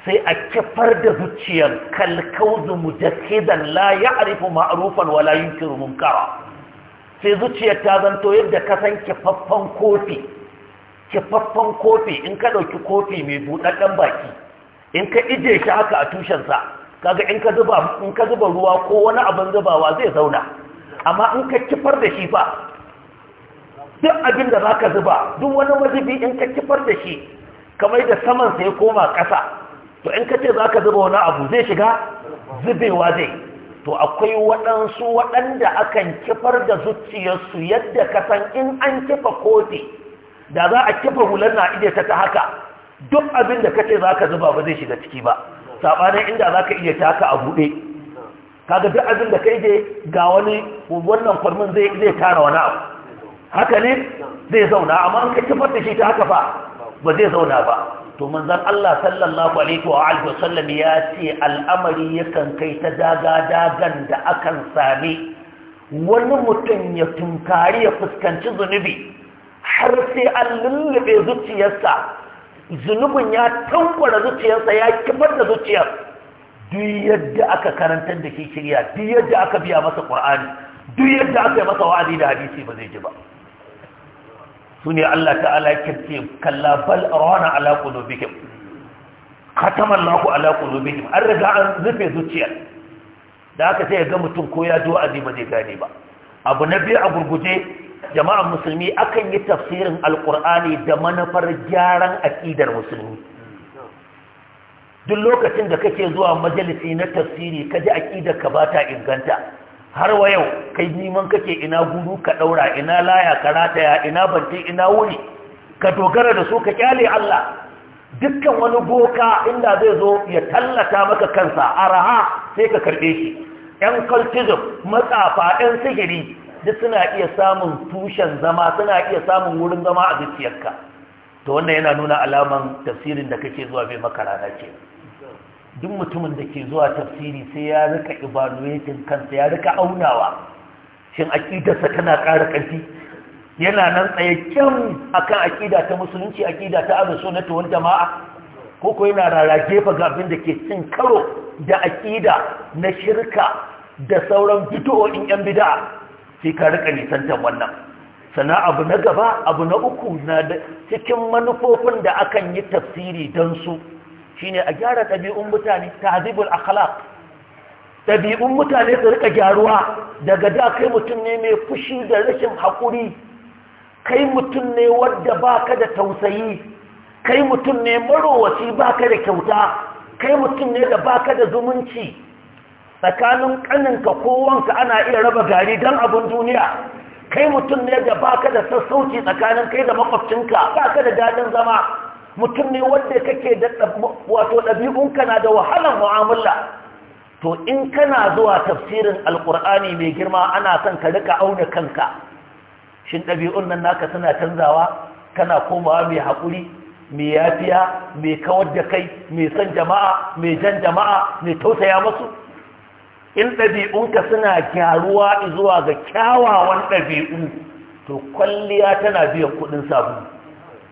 sai a kifar da zuciyar kalkauzu mujahidan la ya ya'rifu ma'rufan wala kirumin kawa sai zuciyar ta zanto yadda ka san kifaffan kofi kifaffan kofi in ka ɗauki kofi mai buɗaɗɗen baki in ka ije shi haka a tushensa kaga in ka zuba ruwa ko wani abin zubawa zai zauna amma in ka kifar da shi fa duk abin da ka zuba duk wani mazubi in ka kifar da shi kamar da saman ya koma ƙasa to in kace ce za ka zuba wani abu zai shiga zubewa zai to akwai waɗansu waɗanda akan kifar da zuciyarsu yadda ka san in an kifa kofi da za a kifa hular na iya ta ta haka duk abin da ka ce za ka zuba ba zai shiga ciki ba saɓanin inda za ka iya taka a buɗe kaga duk abin da ka je ga wani wannan kwarmin zai tara wani abu haka ne zai zauna amma an ka kifar da shi ta haka fa ba zai zauna ba to manzon Allah sallallahu alaihi wa alihi wasallam ya ce al'amari yakan kai ta daga dagan da akan sami wani mutum ya tunkari ya fuskanci zunubi har sai an lullube zuciyarsa zunubin ya tankwara zuciyarsa ya kifar da zuciyar duk yadda aka karantar da shi shirya duk yadda aka biya masa qur'ani duk yadda aka yi masa wa'azi da hadisi ba zai ji ba su ne Allah ta'ala ke ce kallafal rana bikin. qulubihim khataman lahu da bikin. an riga an rufe zuciyar da aka sai ga mutum ko ya ji wa'azi zai gane ba abu na biyu a gurguje jama'a musulmi akan yi tafsirin Alƙur'ani da manufar gyaran aƙidar musulmi duk lokacin da kake zuwa majalisi na tafsiri kaji aƙidar ka ba ta inganta har wa yau kai neman kake ina gudu ka daura ina laya ka rataya ina banti ina wuri ka dogara da su ka kyale Allah dukkan wani boka inda zai zo ya tallata maka kansa araha sai ka karbe shi yan cultism matsafa yan sihiri duk suna iya samun tushen zama suna iya samun wurin zama a zuciyarka to wannan yana nuna alaman tafsirin da kake zuwa bai maka ce duk mutumin da ke zuwa tafsiri sai ya rika evaluating kansa ya rika aunawa shin aqidarsa tana ƙara ƙarfi yana nan tsayayyen akan aqida ta musulunci aqida ta al-sunna, ta wal jamaa ko ko yana rarage fa ga abin da ke cin karo da aqida na shirka da sauran in yan bid'a sai ka rika nisantar wannan sana abu na gaba abu na uku na cikin manufofin da akan yi tafsiri don su shine a gyara ɗabi'un mutane ta tahdibul akhlaq ɗabi'un mutane su rika gyaruwa daga da kai mutum ne mai fushi da rashin haƙuri kai mutum ne wadda baka da tausayi kai mutum ne marowaci baka da kyauta kai mutum ne da baka da zumunci tsakanin kaninka kowanka ana iya raba gari don abin duniya kai mutum ne da baka da sassauci tsakanin kai da makwabcinka baka da dadin zama mutum ne wanda kake da wato ɗabi'unka na da wahalar mu'amala to in kana zuwa tafsirin alkur'ani mai girma ana son ka rika auna kanka shin ɗabi'un nan naka suna canzawa kana komawa mai haƙuri mai yafiya mai kawar da kai mai son jama'a mai jan jama'a mai tausaya masu in ɗabi'unka suna gyaruwa zuwa ga kyawawan ɗabi'u to kwalliya tana biyan kuɗin sabulu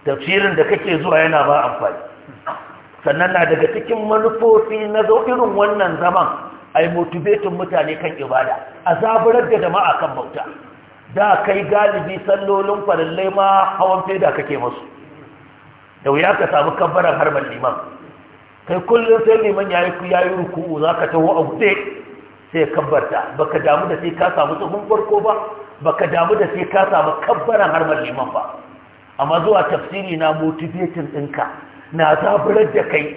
tafsirin da kake zuwa yana ba amfani sannan na daga cikin manufofi na zo irin wannan zaman ai motivatin mutane kan ibada a zaburar da jama'a kan bauta da kai galibi sallolin farillai ma hawan feda kake masu. da wuya ka samu kabbaran harban liman kai kullum sai liman yayi yayi ruku'u zaka taho a guje sai kabbarta baka damu da sai ka samu tsohon farko ba baka damu da sai ka samu kabbaran harbar liman ba amma zuwa tafsiri na motivating ɗinka na zaburar da kai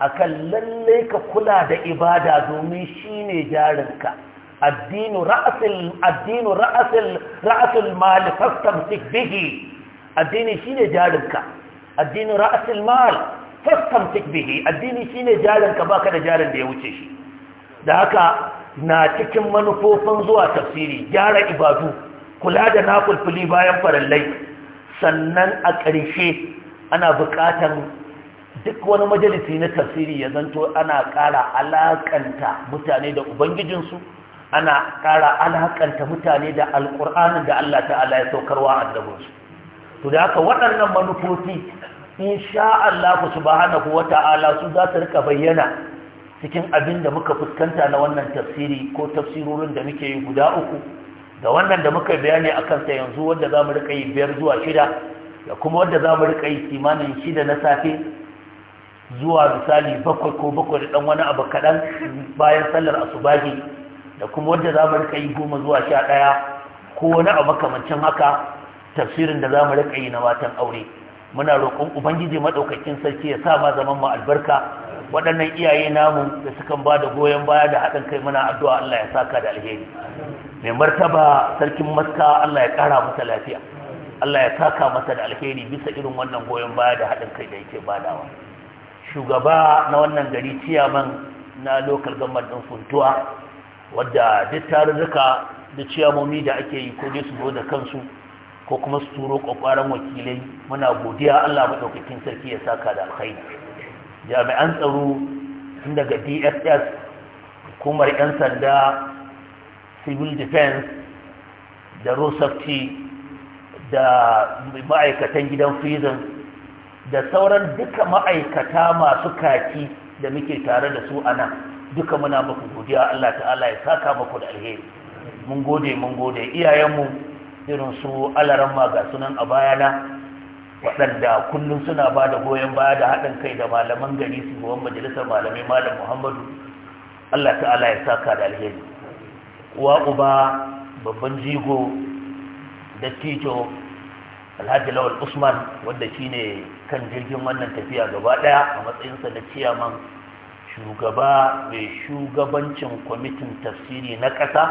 akan lalle ka kula da ibada domin shine jarinka addinu ra'asul addinu ra'asul ra'asul mal fastamsik bihi addini shine jarinka addinu ra'asul mal fastamsik bihi addini shine jarinka baka da jarin da ya wuce shi da haka na cikin manufofin zuwa tafsiri gyara ibadu kula da nafulfuli bayan farallai sannan a ƙarshe ana buƙatar duk wani majalisi na tafsiri ya zanto ana ƙara alaƙanta mutane da ubangijinsu ana ƙara alaƙanta mutane da alƙur'anin da Allah ta'ala ya saukarwa dabarsu to da haka waɗannan manufofi su Allah subhanahu wata'ala su za su rika bayyana cikin abin da muka fuskanta na wannan tafsiri ko tafsirorin da muke yi guda uku da wannan da muka bayani a kansa yanzu wanda za mu rika yi biyar zuwa shida da kuma wanda za mu rika yi kimanin shida na safe zuwa misali bakwai ko bakwai da ɗan wani abu kaɗan bayan sallar asubahi da kuma wanda za mu rika yi goma zuwa sha ɗaya ko wani abu makamancin haka tafsirin da za mu rika yi na watan aure muna roƙon ubangiji maɗaukakin sarki ya sa ma zaman mu albarka waɗannan iyaye namu da sukan ba da goyon baya da haɗin kai muna addu'a Allah ya saka da alheri mai martaba sarkin maska Allah ya kara masa lafiya Allah ya saka masa da alheri bisa irin wannan goyon baya da haɗin kai da yake badawa shugaba na wannan gari ciyaman na local gamar ɗin funtuwa wadda duk tarurruka da ciyamomi da ake yi ko dai su zo da kansu ko kuma su turo kwakwaran wakilai muna godiya Allah maɗaukakin sarki ya saka da alkhairi jami'an tsaro tun daga dss hukumar 'yan sanda civil defense da rosafti da ma'aikatan gidan prison da sauran duka ma'aikata masu kaki da muke tare da su a nan duka muna muku godiya Allah ta'ala ya saka muku da alheri mun gode mun gode iyayenmu irin su alaran ga sunan a bayana waɗanda kullum suna ba da goyon baya da haɗin kai da malaman gari su goyon majalisar malamai malam muhammadu Allah ta'ala ya saka da alheri uwa uba babban jigo da tito alhaji lawal usman wanda shine kan jirgin wannan tafiya gaba daya a matsayinsa na ciyaman shugaba mai shugabancin kwamitin tafsiri na ƙasa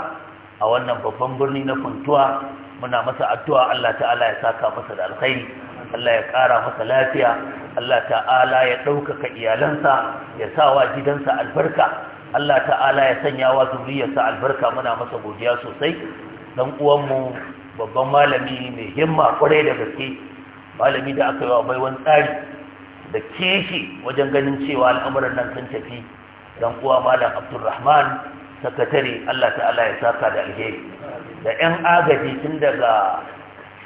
a wannan babban birni na funtuwa muna masa addu'a Allah ta'ala ya saka masa da alkhairi Allah ya ƙara masa lafiya Allah ta'ala ya ɗaukaka iyalansa ya sa wa gidansa albarka Allah ta'ala ya sanya wa zuriyarsa albarka muna masa godiya sosai dan uwan mu babban malami mai himma kwarai da gaske malami da aka yi wa baiwan tsari da kishi wajen ganin cewa al'amuran nan sun tafi dan uwa malam abdulrahman sakatare Allah ta'ala ya saka da alheri da 'yan agaji tun daga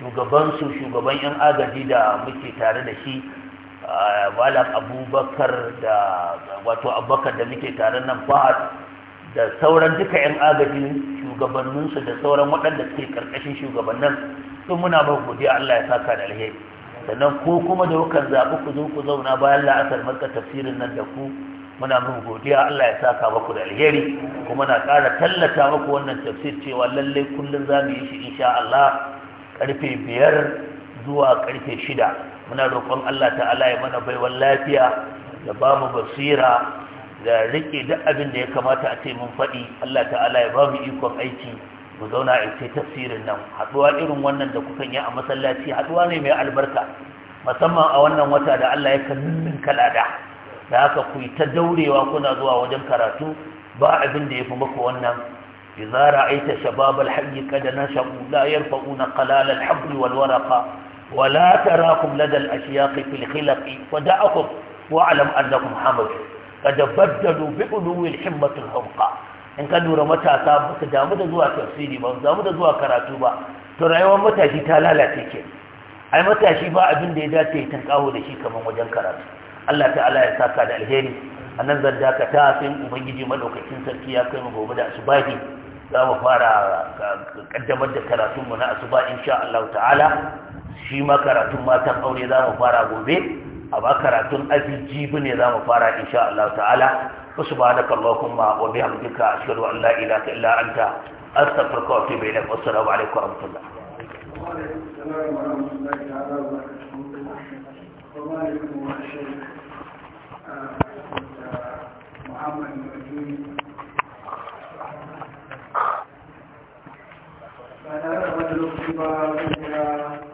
shugaban su. shugaban 'yan agaji da muke tare da shi Ah, malam abubakar da wato abubakar da muke tare nan fahad da sauran duka 'yan agajin shugabanninsu da sauran waɗanda suke karkashin shugabannin sun muna ba godiya Allah ya saka da alheri sannan ko kuma da kukan zaɓi ku zo ku zauna bayan la'asar marka tafsirin nan da ku muna ba godiya Allah ya saka baku da alheri kuma na ƙara tallata maku wannan tafsir cewa lallai kullum za mu yi shi insha Allah karfe biyar zuwa karfe shida muna roƙon Allah ta'ala ya mana baiwan lafiya da ba mu basira da riƙe duk abin da ya kamata a ce mun faɗi Allah ta'ala ya ba mu ikon aiki mu zauna a ce tafsirin nan haɗuwa irin wannan da kukan yi a masallaci haɗuwa ne mai albarka musamman a wannan wata da Allah ya kallin kalada da haka ku ta daurewa kuna zuwa wajen karatu ba abin da ya fi muku wannan idza ra'aita shabab al-hayy qad nashabu la yarfa'una qalal al-habl wal waraqa ولا تراكم لدى الأشياخ في الخلق ودعكم واعلم أنكم حمد قد بدلوا بألو الحمة الحمقى in ka lura matasa ba su damu da zuwa tafsiri ba su damu da zuwa karatu ba to rayuwar matashi ta lalace ke ai matashi ba abin da ya dace ya kawo da shi kamar wajen karatu Allah ta'ala ya saka da alheri a nan zan dakata sai ubangiji madaukakin sarki ya kai mu gobe da asubahi za mu fara kaddamar da karatunmu na asuba insha Allahu ta'ala shi ma karatun matan aure za mu fara gobe a ba karatun azijibi ne za mu fara insha Allah ta'ala subhanaka ma wa bihamdika ashhadu an la ilaha illa anta astaghfiruka wa atubu ilaik assalamu alaikum wa rahmatullah Thank you.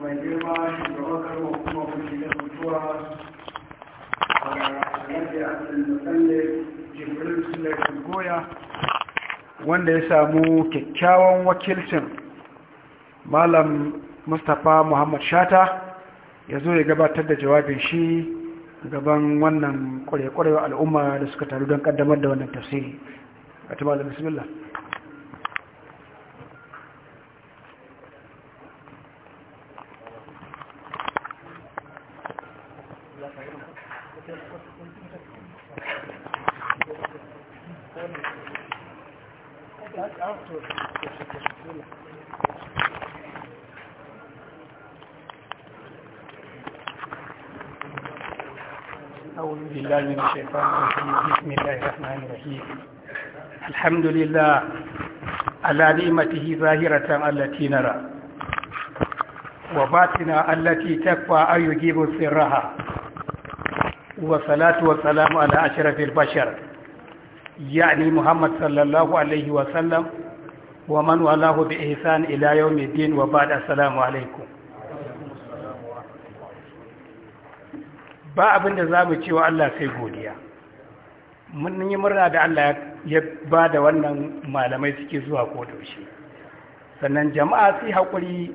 mai girma shugaban karfa kuma da mutuwa a yadda ya goya wanda ya samu kyakkyawan wakilcin malam mustapha muhammad shata ya zo ya gabatar da jawabin shi gaban wannan kwarewa al'umma da suka taru don kaddamar da wannan tafsiri a tumalin bismillah الحمد لله على نعمته ظاهرة التي نرى وباطنة التي تكفى أن يجيب سرها والصلاة والسلام على أشرف البشر يعني محمد صلى الله عليه وسلم ومن والاه بإحسان إلى يوم الدين وبعد السلام عليكم ba abin da za mu cewa Allah sai godiya mun yi murna da Allah ya ba da wannan malamai suke zuwa ko daushe sannan jama'a sai hakuri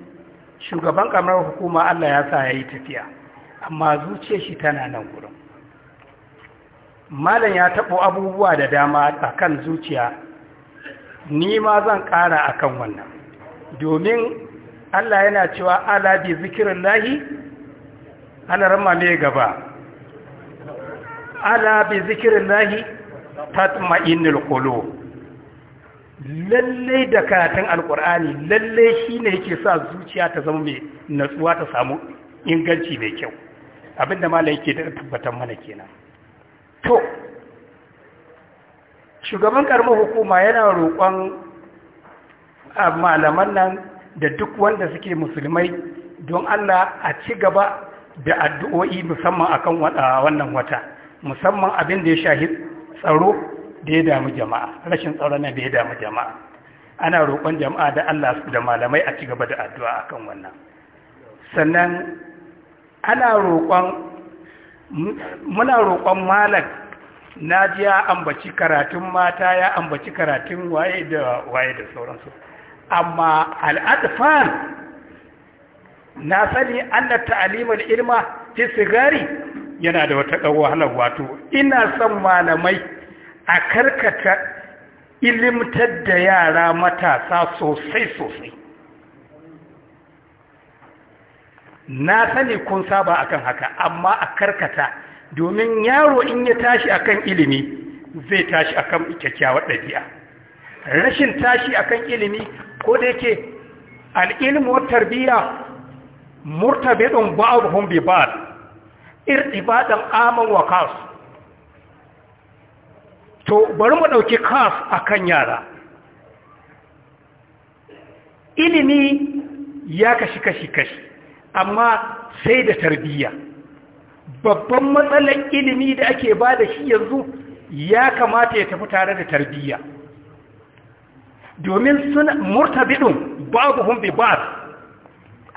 shugaban kamar hukuma Allah ya sa ya yi tafiya amma zuciyar shi tana nan gurin malam ya taɓo abubuwa da dama akan zuciya ni ma zan ƙara akan wannan domin Allah yana cewa ala bi zikirin lahi rama ne gaba ala bi zikirin lahi tatma'innul qulub lalle da karatun alkur'ani lalle shine yake sa zuciya ta zama mai natsuwa ta samu inganci mai kyau abinda malai yake da tabbatar mana kenan to shugaban karamar hukuma yana roƙon malaman nan da duk wanda suke musulmai don Allah a ci gaba da addu'o'i musamman akan wannan wata musamman abin da ya shahi tsaro da ya damu jama'a rashin tsaro nan da ya damu jama'a ana roƙon jama'a da Allah da malamai a cigaba da addu'a akan wannan sannan ana roƙon muna roƙon malam ji ya ambaci karatun mata ya ambaci karatun waye da waye da sauransu amma al'adfan na sani anna Ta'alimal ilma fi sigari yana da wata ɗan wahalar wato ina son malamai a karkata ilimtar da yara matasa sosai-sosai na sani kun saba akan haka amma a karkata domin yaro in ya tashi akan ilimi zai tashi akan kyakkyawar ɗabi'a rashin tashi akan ilimi ko da yake al'ilmuwar tarbiyya murtabe murtabidun ba'abuhun bibal irtibadan aman wa kas to bari mu ɗauki kas akan yara ilimi ya kashi kashi kashi amma sai da tarbiyya babban matsalar ilimi da ake ba da shi yanzu ya kamata ya tafi tare da tarbiyya domin suna murtabidin babu hun bi ba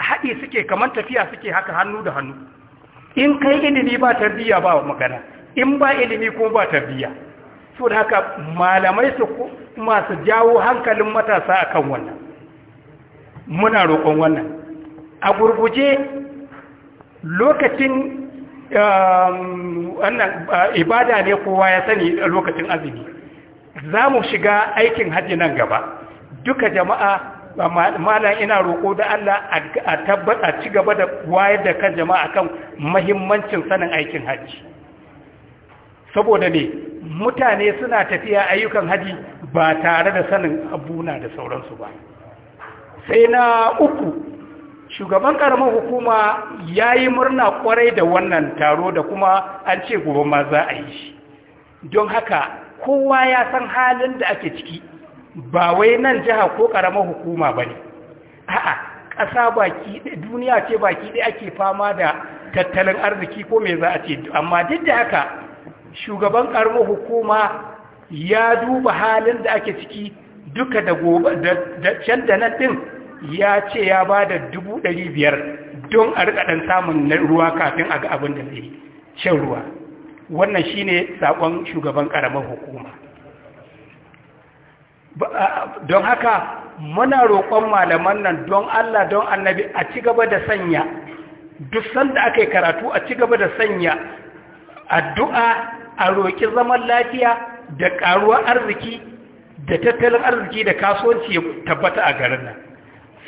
haɗi suke kamar tafiya suke haka hannu da hannu in kai ilimi ba tarbiyya ba magana in ba ilimi ko ba tarbiyya so da haka malamai su masu jawo hankalin matasa a kan wannan muna roƙon wannan a gurguje lokacin um, wannan uh, ibada ne kowa ya sani lokacin azumi za mu shiga aikin hajji nan gaba duka jama'a malam ina roƙo da Allah a tabbata ci gaba da wayar da kan jama'a kan mahimmancin sanin aikin haji saboda ne mutane suna tafiya ayyukan haji ba tare da sanin abuna da sauransu ba sai na uku shugaban karamin hukuma ya yi murna kwarai da wannan taro da kuma an ce gobe ma za a yi shi don haka kowa ya san halin da ake ciki ba wai nan jiha ko ƙaramar hukuma ba ne a'a ƙasa baki ɗaya duniya ce baki ɗaya ake fama da tattalin arziki ko mai za a ce amma duk da haka shugaban karamar hukuma ya duba halin da ake ciki duka da gobe da can da nan ɗin ya ce ya ba da dubu ɗari biyar don a riƙa ɗan samun ruwa kafin a ga abin da zai shan ruwa wannan shine saƙon shugaban ƙaramar hukuma don haka muna roƙon malaman nan don Allah don annabi a ci gaba da sanya duk sanda aka yi karatu a ci gaba da sanya addu'a a roƙi zaman lafiya da ƙaruwar arziki da tattalin arziki da kasuwanci ya tabbata a garin nan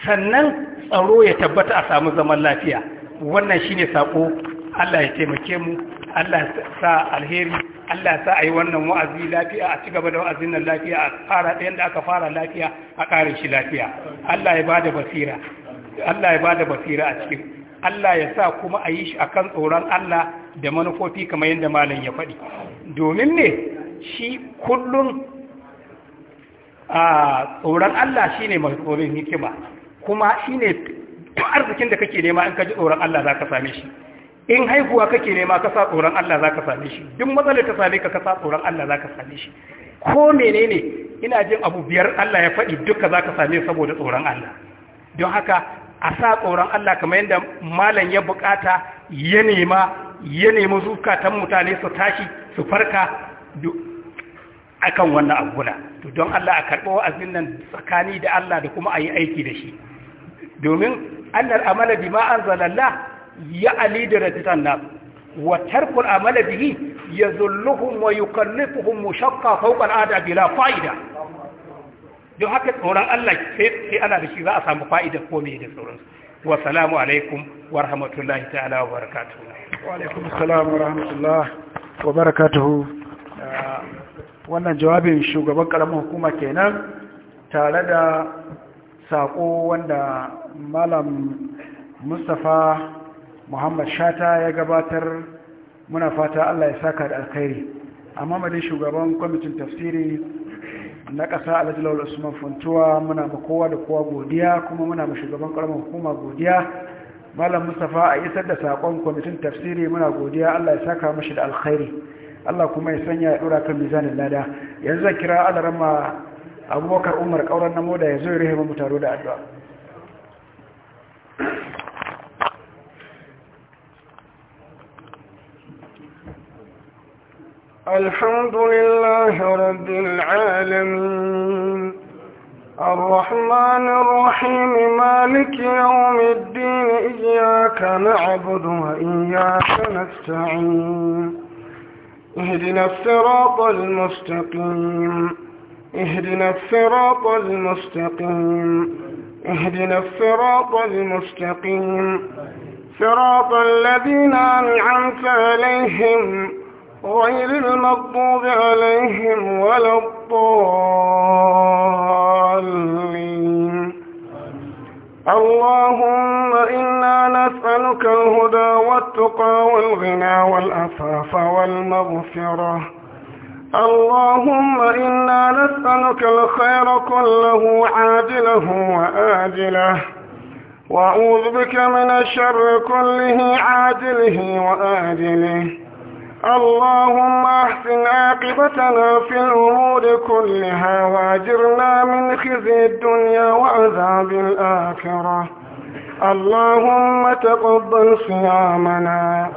sannan tsaro ya tabbata a samu zaman lafiya wannan shine sako Allah ya taimake mu Allah ya sa alheri Allah sa a yi wannan wa'azi lafiya a cigaba da wa'azin nan lafiya a fara ɗayan da aka fara lafiya a ƙarin shi lafiya Allah ya ba da basira Allah ya ba da basira a cikin Allah ya sa kuma a yi shi a kan tsoron Allah da manufofi kamar yadda malam ya faɗi domin ne shi kullum a tsoron Allah shi ne mai tsoron hikima kuma shi ne arzikin da kake nema in ka ji tsoron Allah za ka same shi in haihuwa kake nema ka sa tsoron Allah za ka same shi duk matsalar ta same ka ka sa tsoron Allah za ka same shi ko menene ina jin abu biyar Allah ya faɗi duka za ka same saboda tsoron Allah don haka a sa tsoron Allah kamar yadda malam ya bukata ya nema ya nemi zukatan mutane su tashi su farka kan wannan abu to don Allah a karɓo wa'azin nan tsakani da Allah da kuma a yi aiki da shi domin annar amala jima'an zalalla ya'ali da rajitan na. wa tarkul amala bihi yazulluhum wa yukallifuhum mushaqqa fawqa al'ada bila fa'ida don haka tsoron Allah sai ana da shi za a samu fa'ida ko mai da tsoron wa salamu alaikum wa rahmatullahi ta'ala wa barakatuh wa alaikum assalam wa rahmatullahi wa barakatuh uh, wannan jawabin shugaban karamin hukuma kenan tare da sako wanda malam Mustapha muhammad shata ya gabatar muna fata allah ya saka da alkhairi a mamadin shugaban kwamitin tafsiri na ƙasa alajilawar usman funtuwa muna ma kowa da kowa godiya kuma muna ma shugaban ƙaramin hukuma godiya malam mustapha a isar da saƙon kwamitin tafsiri muna godiya allah ya saka mashi da alkhairi allah kuma ya sanya ya ɗora kan mizanin lada yanzu zan kira alarama abubakar umar ƙauran namo da ya zo ya rahe mu taro da addu'a الحمد لله رب العالمين الرحمن الرحيم مالك يوم الدين إياك نعبد وإياك نستعين اهدنا الصراط المستقيم اهدنا الصراط المستقيم اهدنا الصراط المستقيم صراط الذين أنعمت عليهم غير المغضوب عليهم ولا الضالين اللهم إنا نسألك الهدى والتقى والغنى والأفاف والمغفرة اللهم إنا نسألك الخير كله عاجله وآجله وأعوذ بك من الشر كله عاجله وآجله اللهم احسن عاقبتنا في الأمور كلها واجرنا من خزي الدنيا وعذاب الآخرة اللهم تقبل صيامنا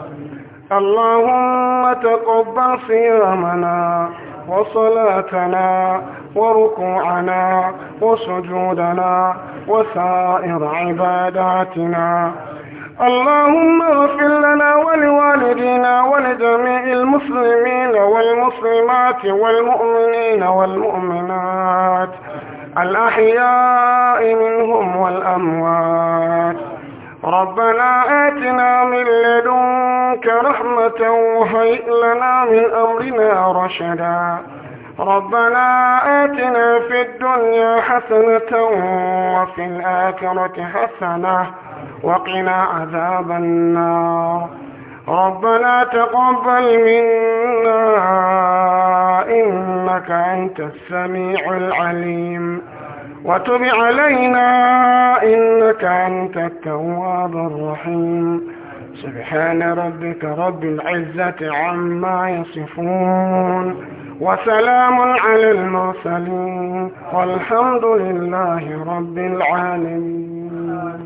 اللهم تقبل صيامنا وصلاتنا وركوعنا وسجودنا وسائر عباداتنا اللهم اغفر لنا ولوالدينا ولجميع المسلمين والمسلمات والمؤمنين والمؤمنات الأحياء منهم والأموات ربنا آتنا من لدنك رحمة وهيئ لنا من أمرنا رشدا ربنا آتنا في الدنيا حسنة وفي الآخرة حسنة وقنا عذاب النار ربنا تقبل منا إنك أنت السميع العليم وتب علينا إنك أنت التواب الرحيم سبحان ربك رب العزة عما يصفون وسلام على المرسلين والحمد لله رب العالمين